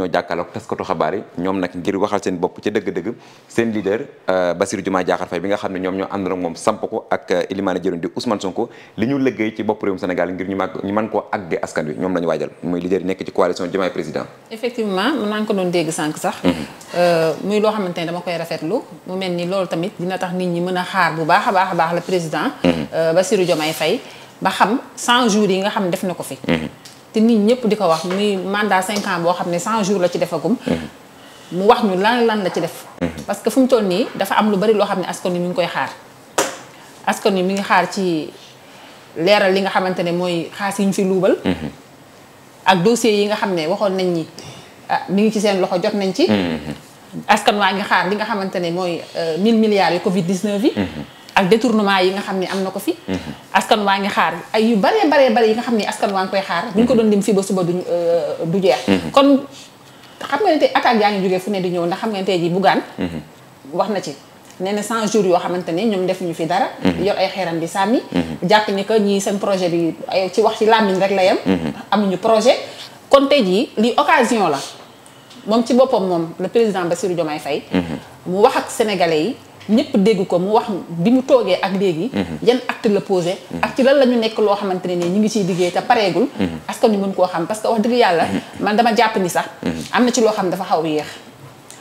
ñoo jàkkaarloog taskatu xabaar yi ñoom nag ngir waxal seen euh, nga xam ne ñoom ñoo àndoon ak ko ak Elimane euh, Dièye di Ousmane bopp réewum Sénégal askan wi ñoom la ñu waajal muy leader yi nekk ci coalition Diomaye président effectivement mën naa ko doon dégg sànq sax mhm. euh, muy loo xamante ne dama koy rafetlu mu mel ni loolu tamit dina tax nit ñi mën a xaar bu baax a baax a baax la président mhm. Bassirou Diomaye Faye ba xam 100 jours yi nga xam def na ko fi mhm. te nit ñëpp di ko wax muy mandat 5 boo xam ne 100 jour la ci defagum. mu wax ñu lan lan la ci def. Mhm. parce que fu mu toll nii dafa am lu bari loo xam ne askan wi mu ngi koy xaar. askan wi mi ngi xaar ci leeral li nga xamante ne mooy xaas yi fi luubal. Mhm. ak dossiers yi nga xam ne waxoon nañ ni ah mi ngi ci seen loxo jot nañ ci. Mhm. askan waa ngi xaar li nga xamante ne mooy 1000 euh, milliards yu Covid 19 yi. ak détournement yi nga xam ne am na ko fi mhm. askan waa ngi xaar ay yu baree baree bare yi nga xam ni askan waa ngi koy xaar bu ñu ko doon lim fii ba suba duñ euh, du jeex mhm. kon xam nga ne tey attaque yaa ngi jógee fu ne di ñëw ndax xam nga ne tey ji Bougane mhm. wax na ci nee na 100 jours yoo xamante ne ñoom defuñu fi dara yor ay xeeram bi sànni jàpp ni que ñii seen projet bi ci wax ci làmmiñ rek la yem ñu projet kon tey jii li occasion la moom ci boppam moom le président Bassirou Diomaye Faye mm-hmm. mu wax ak sénégalais yi ñëpp dégg ko mu wax bi mu toogee ak léegi mm-hmm. yan act la posé mm-hmm. ak ci lan la ñu nekk loo xamante ne nii ñu ngi ciy liggéey te pareegul askan ñu mën koo xam parce que wax dëgg yàlla man dama jàpp ni sax am na ci loo xam dafa xaw yéex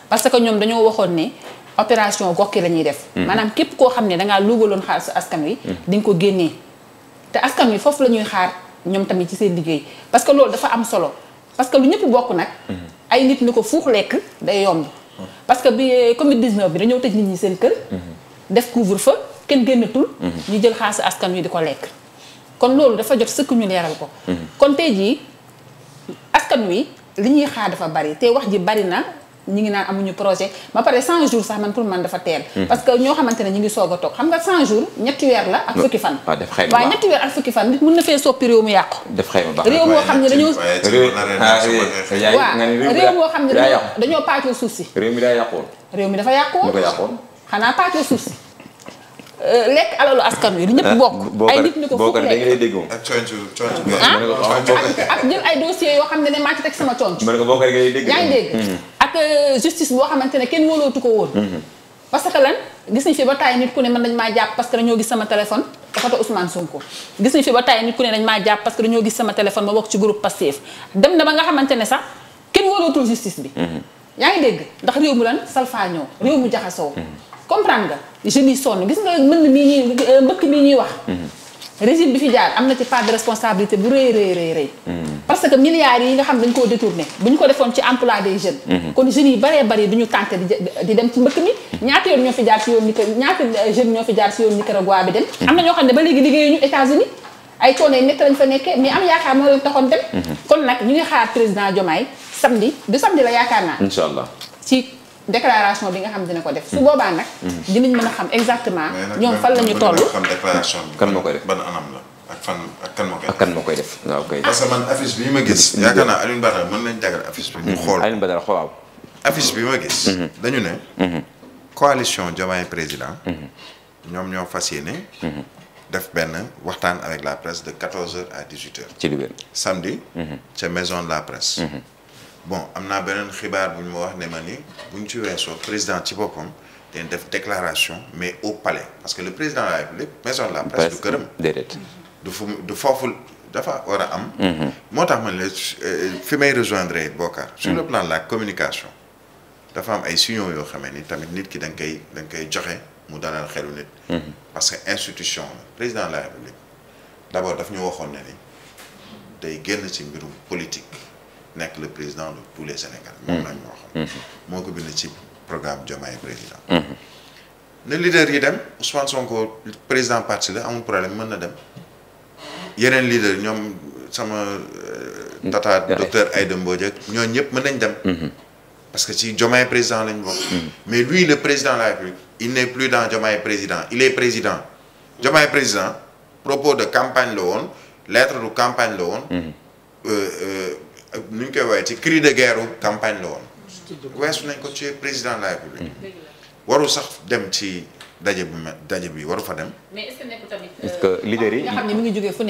parce que ñoom dañoo waxoon ne opération gokki la ñuy def maanaam képp koo xam ne dangaa luubaloon xaalisu askan wi di ko génnee te askan wi foofu la ñuy xaar ñoom tamit ci seen liggéey parce que loolu dafa am solo parce que ñëpp bokk nag ay nit ñu ko fuux lekk day yomb. parce que bi euh, Covid 19 bi dañoo tëj nit ñi seen kër. def couvre fa kenn génnatul. ñu jël xaalis askan wi di ko lekk. kon loolu dafa jot sëkk ñu leeral ko. kon tey jii askan wi li ñuy xaar dafa bari te wax ji bari na ñi ngi naan amuñu projet ba pare 100 jours sax man pour man dafa teel hmm. parce que ñoo xamante ne ñu ngi soog a xam nga 100 jours ñetti weer la ak fukki fan waaw ñetti weer ak fukki fan nit mën na fee soppi réew mu yàqu réew moo xam ne dañoo waaw réew moo xam ne dañoo paacoo suuf mi daa yàqoon réew mi dafa xanaa paacoo suuf si euh, lekk alalu askan wi li ñëpp ah, bokk. ay nit ñu ko fukk lekk dañu lay dégg ah, jël ay dossiers yoo xam ne ne maa ci teg sama conc. mën nga bokk rek ngay dégg. dégg. Hmm. ak euh, justice boo xamante ne kenn wóolootu ko woon. Mhm. parce lan gis nañu fi ba taay nit ku ne man dañ maa jàpp parce que dañoo gis sama téléphone dafa to Ousmane Sonko gis nañu fi ba taay nit ku ne dañ maa jàpp parce dañoo gis sama téléphone ma bokk ci groupe Pastef dem na ba nga xamante ne sax kenn wóolootul justice bi. Mhm. yaa ngi dégg ndax réew mu lan salfaañoo mhm. réew mu jaxasoo. comprendre nga jeunes yi sonn gis nga mën mii mbëkk mii ñuy wax. régime bi fi jaar am na ci part de responsabilité bu rëy rëy rëy parce que milliards yi nga xam dañ koo détourné bu ñu ko defoon ci emploi des jeunes mhm. kon jeunes yi baree bari du ñu tenté di dem ci mbëkk mi mhm. ñaata yoon ñoo fi jaar si yoon Nicaragua ñoo fi jaar si yoon bi dem mhm. am na ñoo xam ne ba léegi liggéeyu ñu États-Unis ay coono yi métti lañ fa nekkee mais am yaakaar moo leen taxoon dem kon nag ñu ngi xaar président Diomaye samedi du samedi la yaakaar naa incha allah ci déclaration bi nga xam dina ko def. su hmm. boobaa nag. Hmm. dinañ mën a xam exactement. ñoom fan la ñu toll xam déclaration def ban anam la ak koy def. ak parce que man affiche bi ma gis. Hmm. yaakaar naa Alioune Badara mën nañ jagal affiche bi. mu xool Alioune Badara waaw. affiche bi ma gis. dañu ne. coalition Diomaye président. ñoom ñoo fas yéene. def benn waxtaan avec la presse de 14h à 18h. ci Libé samedi. ca maison la presse. bon am naa beneen xibaar bu ñu ma wax ne ma ni bu ñu ci weesoo président ci boppam de def déclaration mais au palais parce que le président de la république maison de la presse du këram déedéet du fu du foofu dafa war a am mhm. moo tax ma la euh, fi may rejoindre Bokar sur le mhm. plan la communication dafa am ay signaux yoo xamee ni tamit nit ki da nga koy da koy joxe mu dalal xelu nit mhm. parce que institution la président la république d' abord daf ñu waxoon ne ni day génn ci mbirum politique nekk le président de tous les Sénégalais. moom la ñu waxoon. Mm-hmm. Mm-hmm. moo ko bind ci programme Diomaye président. Mm-hmm. ne leader yi dem Ousmane Sonko président parti la amul problème mën na dem yeneen leader ñoom sama. Euh, tata docteur Aïda Mbodj ak ñooñu ñëpp mën nañ dem. parce que ci Diomaye président lañ bokk. mais lui le président de la République il n'est plus dans Diomaye président il est président Diomaye président propos de campagne la woon lettre de campagne la woon. Euh, euh, nu ñu koy woowee ci cri de guerre campagne la woon weesu nañ ko ci président la république warul sax dem ci daje bu me daje bi waru fa dem. mais que nekku euh, yi nga xam ne mi ngi jógee fu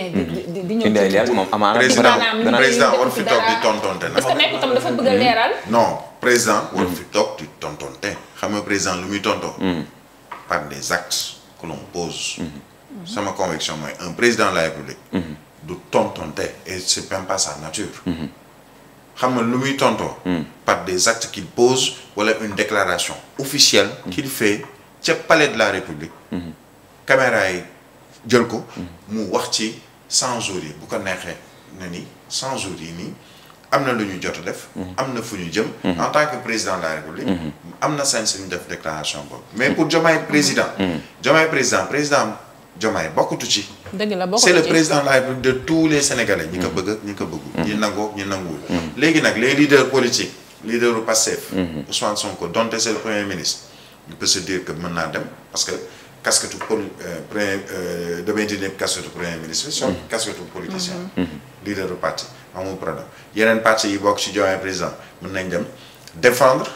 moom amaana. président président waru fi toog di tontonte nag. parce dafa bëgg hmm. leeral. non président waru hmm. fi toog di tontonte xam nga président lu muy tonto hmm. par des actes que l'on pose. sama conviction mooy un président la république. du tontonte et c'est même sa nature. xam nga lu muy tontoo. Hmm. par des actes qu'il pose wala une déclaration officielle. Hmm. qu'il fait ca palais de la république. Hmm. caméra yi jël ko. mu wax ci cent jours yi bu ko neexee na ni cent jours yi nii am na lu ñu jot def. am na fu ñu jëm. en tant que président de la république. am na sañ-sañu def déclaration boobu. mais pour Diomaye président. Diomaye président président Diomaye bokkutu ci. dëgg la boo ko c'est le président de la République de tous les Sénégalais. ñi ko mm. bëgg ñi ko bëggul. Mm. ñi nangoo ñi nanguwul. Mm. léegi nag les leaders politiques leader u Pastef. Mm-hmm. Ousmane Sonko donte c'est le premier ministre. il peut se que mën naa dem parce que casquette poli euh, premier euh, damay di nekk casquette premier ministre. son mm-hmm. casquette politicien. Mm-hmm. leader du parti amul problème yeneen parti yi bokk ci Diomaye président mën nañ dem défendre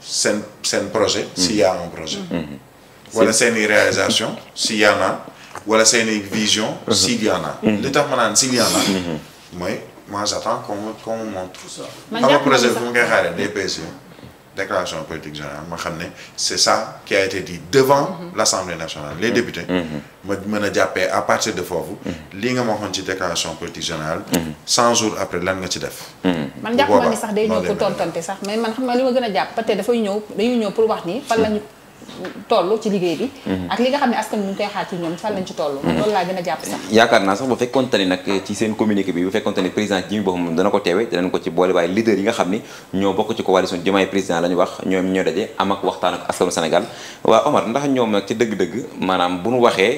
seen seen projet. si y a projet. wala seen i réalisation s'il y en a. wala seeni vision. s'il y en a. li tax ma naan s'il y a. mooy moi j'attends qu'on me qu'on me man jàpp naa déclaration politique générale ma xam ne c'est ça qui a été dit devant mhm. l'Assemblée nationale les mhm. députés. Mhm. ma mën a jàppe à partir de foofu. li nga ma waxoon ci déclaration politique générale. 100 jours après lan nga ci def. man jàpp naa ni sax day ñëw pour tontante sax mais man xam nga li ma gën a jàpp peut-être dafay ñëw dañuy ñëw pour wax ni fan lañu. toll ci liggéey bi. Mhm. ak li nga xam ne askan wi ñu ngi ci ñoom fan lañ ci toll. Mhm. loolu laa gën a jàpp sax. yaakaar naa sax bu fekkonte ni nag ci seen communiqué bi bu fekkonte ni président Jimi boppam dana ko teewe danañ ko ci boole waaye leader yi nga xam ni ñoo bokk ci coalition Diomaye président la wax ñoom ñoo daje am ak waxtaan ak askanu Sénégal waaw Omar ndax ñoom nag ci dëgg-dëgg maanaam bu nu waxee